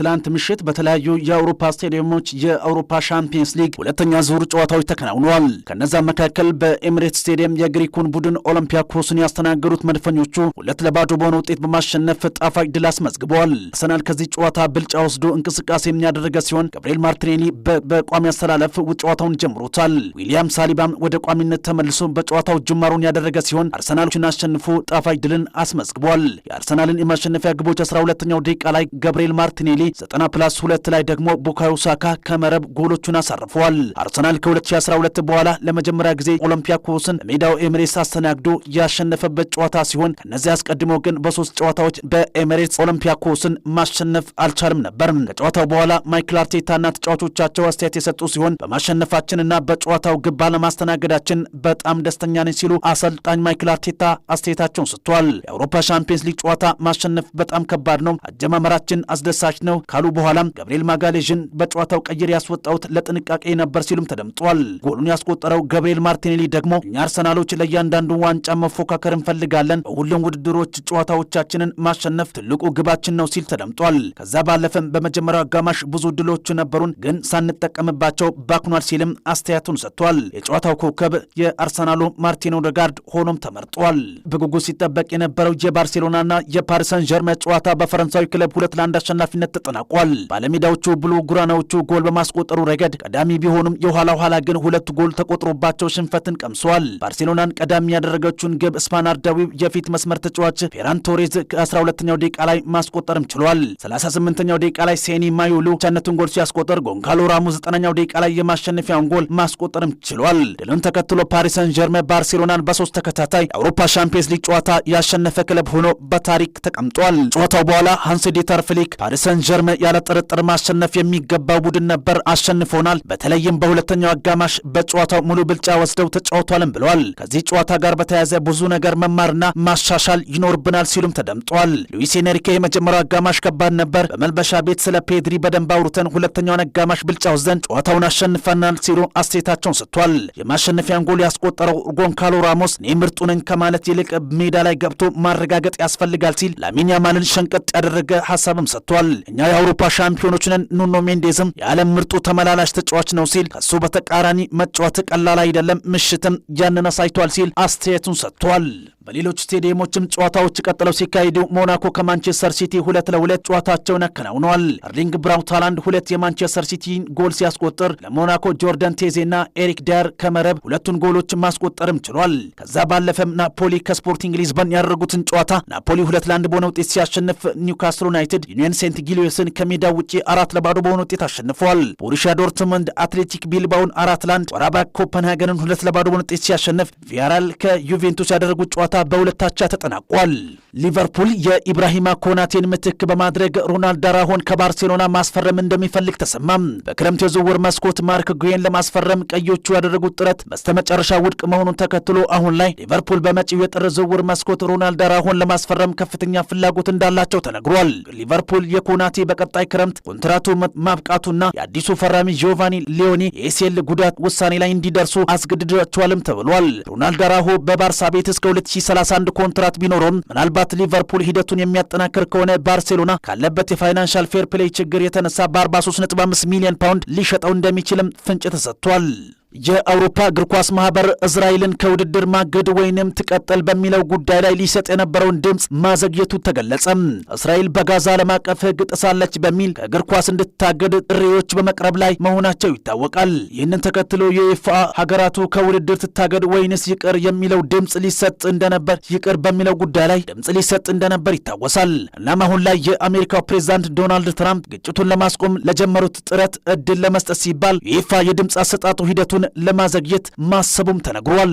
ትላንት ምሽት በተለያዩ የአውሮፓ ስቴዲየሞች የአውሮፓ ሻምፒየንስ ሊግ ሁለተኛ ዙር ጨዋታዎች ተከናውነዋል። ከነዛ መካከል በኤሚሬት ስቴዲየም የግሪኩን ቡድን ኦሎምፒያኮስን ያስተናገዱት መድፈኞቹ ሁለት ለባዶ በሆነ ውጤት በማሸነፍ ጣፋጭ ድል አስመዝግበዋል። አርሰናል ከዚህ ጨዋታ ብልጫ ወስዶ እንቅስቃሴ የሚያደረገ ሲሆን ገብርኤል ማርቲኔሊ በቋሚ አስተላለፍ ጨዋታውን ጀምሮታል። ዊሊያም ሳሊባም ወደ ቋሚነት ተመልሶ በጨዋታው ጅማሩን ያደረገ ሲሆን አርሰናሎችን አሸንፎ ጣፋጭ ድልን አስመዝግቧል። የአርሰናልን የማሸነፊያ ግቦች 12 ሁለተኛው ደቂቃ ላይ ገብርኤል ማርቲኔሊ ዘጠና ፕላስ ሁለት ላይ ደግሞ ቡካዮ ሳካ ከመረብ ጎሎቹን አሳርፈዋል። አርሰናል ከ2012 በኋላ ለመጀመሪያ ጊዜ ኦሎምፒያኮስን በሜዳው ኤሚሬትስ አስተናግዶ ያሸነፈበት ጨዋታ ሲሆን ከነዚህ አስቀድሞ ግን በሶስት ጨዋታዎች በኤሚሬትስ ኦሎምፒያኮስን ማሸነፍ አልቻልም ነበር። ከጨዋታው በኋላ ማይክል አርቴታና ተጫዋቾቻቸው አስተያየት የሰጡ ሲሆን በማሸነፋችንና በጨዋታው ግብ ባለማስተናገዳችን በጣም ደስተኛ ነኝ ሲሉ አሰልጣኝ ማይክል አርቴታ አስተያየታቸውን ሰጥቷል። የአውሮፓ ሻምፒየንስ ሊግ ጨዋታ ማሸነፍ በጣም ከባድ ነው። አጀማመራችን አስደሳች ነው። ካሉ በኋላም ገብርኤል ማጋሌዥን በጨዋታው ቀይር ያስወጣሁት ለጥንቃቄ ነበር ሲሉም ተደምጧል። ጎሉን ያስቆጠረው ገብርኤል ማርቲኔሊ ደግሞ እኛ አርሰናሎች ለእያንዳንዱ ዋንጫ መፎካከር እንፈልጋለን፣ በሁሉም ውድድሮች ጨዋታዎቻችንን ማሸነፍ ትልቁ ግባችን ነው ሲል ተደምጧል። ከዛ ባለፈም በመጀመሪያው አጋማሽ ብዙ ድሎች ነበሩን፣ ግን ሳንጠቀምባቸው ባክኗል ሲልም አስተያየቱን ሰጥቷል። የጨዋታው ኮከብ የአርሰናሉ ማርቲን ኦዴጋርድ ሆኖም ተመርጧል። በጉጉት ሲጠበቅ የነበረው የባርሴሎናና የፓሪሰን ሰን ጨዋታ በፈረንሳዊ ክለብ ሁለት ለአንድ አሸናፊነት ተጠናቋል። ባለሜዳዎቹ ብሉ ጉራናዎቹ ጎል በማስቆጠሩ ረገድ ቀዳሚ ቢሆኑም የኋላ ኋላ ግን ሁለት ጎል ተቆጥሮባቸው ሽንፈትን ቀምሰዋል። ባርሴሎናን ቀዳሚ ያደረገችውን ግብ ስፓናርዳዊ የፊት መስመር ተጫዋች ፌራን ቶሬዝ ከ12ኛው ደቂቃ ላይ ማስቆጠርም ችሏል። 38ኛው ደቂቃ ላይ ሴኒ ማዩሉ ቻነቱን ጎል ሲያስቆጠር ጎንካሎ ራሙ 9ኛው ደቂቃ ላይ የማሸነፊያውን ጎል ማስቆጠርም ችሏል። ድልን ተከትሎ ፓሪስ ሰን ጀርመን ባርሴሎናን በሶስት ተከታታይ የአውሮፓ ሻምፒየንስ ሊግ ጨዋታ ያሸነፈ ክለብ ሆኖ በታሪክ ተቀምጧል። ጨዋታው በኋላ ሃንስ ዲተር ፍሊክ ፓሪስ ሰን ጀርመን ያለ ጥርጥር ማሸነፍ የሚገባው ቡድን ነበር፣ አሸንፎናል። በተለይም በሁለተኛው አጋማሽ በጨዋታው ሙሉ ብልጫ ወስደው ተጫውቷልም ብለዋል። ከዚህ ጨዋታ ጋር በተያያዘ ብዙ ነገር መማርና ማሻሻል ይኖርብናል ሲሉም ተደምጧል። ሉዊስ ኤንሪኬ የመጀመሪያው አጋማሽ ከባድ ነበር፣ በመልበሻ ቤት ስለ ፔድሪ በደንብ አውርተን ሁለተኛውን አጋማሽ ብልጫ ወስደን ጨዋታውን አሸንፈናል ሲሉ አስተያየታቸውን ሰጥቷል። የማሸነፊያን ጎል ያስቆጠረው ጎንካሎ ራሞስ እኔ ምርጡ ነኝ ከማለት ይልቅ ሜዳ ላይ ገብቶ ማረጋገጥ ያስፈልጋል ሲል ላሚን ያማልን ሸንቀጥ ያደረገ ሀሳብም ሰጥቷል። እኛ የአውሮፓ ሻምፒዮኖች ነን፣ ኑኖ ሜንዴዝም የዓለም ምርጡ ተመላላሽ ተጫዋች ነው ሲል ከሱ በተቃራኒ መጫወት ቀላል አይደለም፣ ምሽትም ያንን አሳይቷል ሲል አስተያየቱን ሰጥቷል። በሌሎች ስቴዲየሞችም ጨዋታዎች ቀጥለው ሲካሄዱ ሞናኮ ከማንቸስተር ሲቲ ሁለት ለሁለት ጨዋታቸውን አከናውነዋል። እርሊንግ ብራውት ሃላንድ ሁለት የማንቸስተር ሲቲን ጎል ሲያስቆጥር ለሞናኮ ጆርዳን ቴዜና ኤሪክ ዳር ከመረብ ሁለቱን ጎሎች ማስቆጠርም ችሏል። ከዛ ባለፈም ናፖሊ ከስፖርቲንግ ሊዝበን ያደረጉትን ጨዋታ ናፖሊ ሁለት ለአንድ በሆነ ውጤት ሲያሸንፍ ኒውካስል ዩናይትድ ዩኒየን ሴንት ጊሊዮስን ከሜዳ ውጪ አራት ለባዶ በሆነ ውጤት አሸንፏል። ቦሩሺያ ዶርትመንድ አትሌቲክ ቢልባውን አራት ለአንድ፣ ወራባ ኮፐንሃገንን ሁለት ለባዶ በሆነ ውጤት ሲያሸንፍ ቪያራል ከዩቬንቱስ ያደረጉት ጨዋታ በሁለት አቻ ተጠናቋል። ሊቨርፑል የኢብራሂማ ኮናቴን ምትክ በማድረግ ሮናልድ አራሆን ከባርሴሎና ማስፈረም እንደሚፈልግ ተሰማም። በክረምት የዝውውር መስኮት ማርክ ጉዌን ለማስፈረም ቀዮቹ ያደረጉት ጥረት በስተመጨረሻ ውድቅ መሆኑን ተከትሎ አሁን ላይ ሊቨርፑል በመጪው የጥር ዝውውር መስኮት ሮናልድ አራሆን ለማስፈረም ከፍተኛ ፍላጎት እንዳላቸው ተነግሯል። ሊቨርፑል የኮናቴ በቀጣይ ክረምት ኮንትራቱ ማብቃቱና የአዲሱ ፈራሚ ጂዮቫኒ ሊዮኒ የኤሲኤል ጉዳት ውሳኔ ላይ እንዲደርሱ አስገድዷቸዋልም ተብሏል። ሮናልድ አራሆ በባርሳ ቤት እስከ 31 ኮንትራት ቢኖረውም ምናልባት ሊቨርፑል ሂደቱን የሚያጠናክር ከሆነ ባርሴሎና ካለበት የፋይናንሻል ፌር ፕሌይ ችግር የተነሳ በ43.5 ሚሊዮን ፓውንድ ሊሸጠው እንደሚችልም ፍንጭ ተሰጥቷል። የአውሮፓ እግር ኳስ ማህበር እስራኤልን ከውድድር ማገድ ወይንም ትቀጥል በሚለው ጉዳይ ላይ ሊሰጥ የነበረውን ድምፅ ማዘግየቱ ተገለጸ። እስራኤል በጋዛ ዓለም አቀፍ ሕግ ጥሳለች በሚል ከእግር ኳስ እንድታገድ ጥሪዎች በመቅረብ ላይ መሆናቸው ይታወቃል። ይህንን ተከትሎ የይፋ ሀገራቱ ከውድድር ትታገድ ወይንስ ይቅር የሚለው ድምፅ ሊሰጥ እንደነበር ይቅር በሚለው ጉዳይ ላይ ድምፅ ሊሰጥ እንደነበር ይታወሳል። እናም አሁን ላይ የአሜሪካው ፕሬዚዳንት ዶናልድ ትራምፕ ግጭቱን ለማስቆም ለጀመሩት ጥረት እድል ለመስጠት ሲባል የይፋ የድምፅ አሰጣጡ ሂደቱን ውጤቱን ለማዘግየት ማሰቡም ተነግሯል።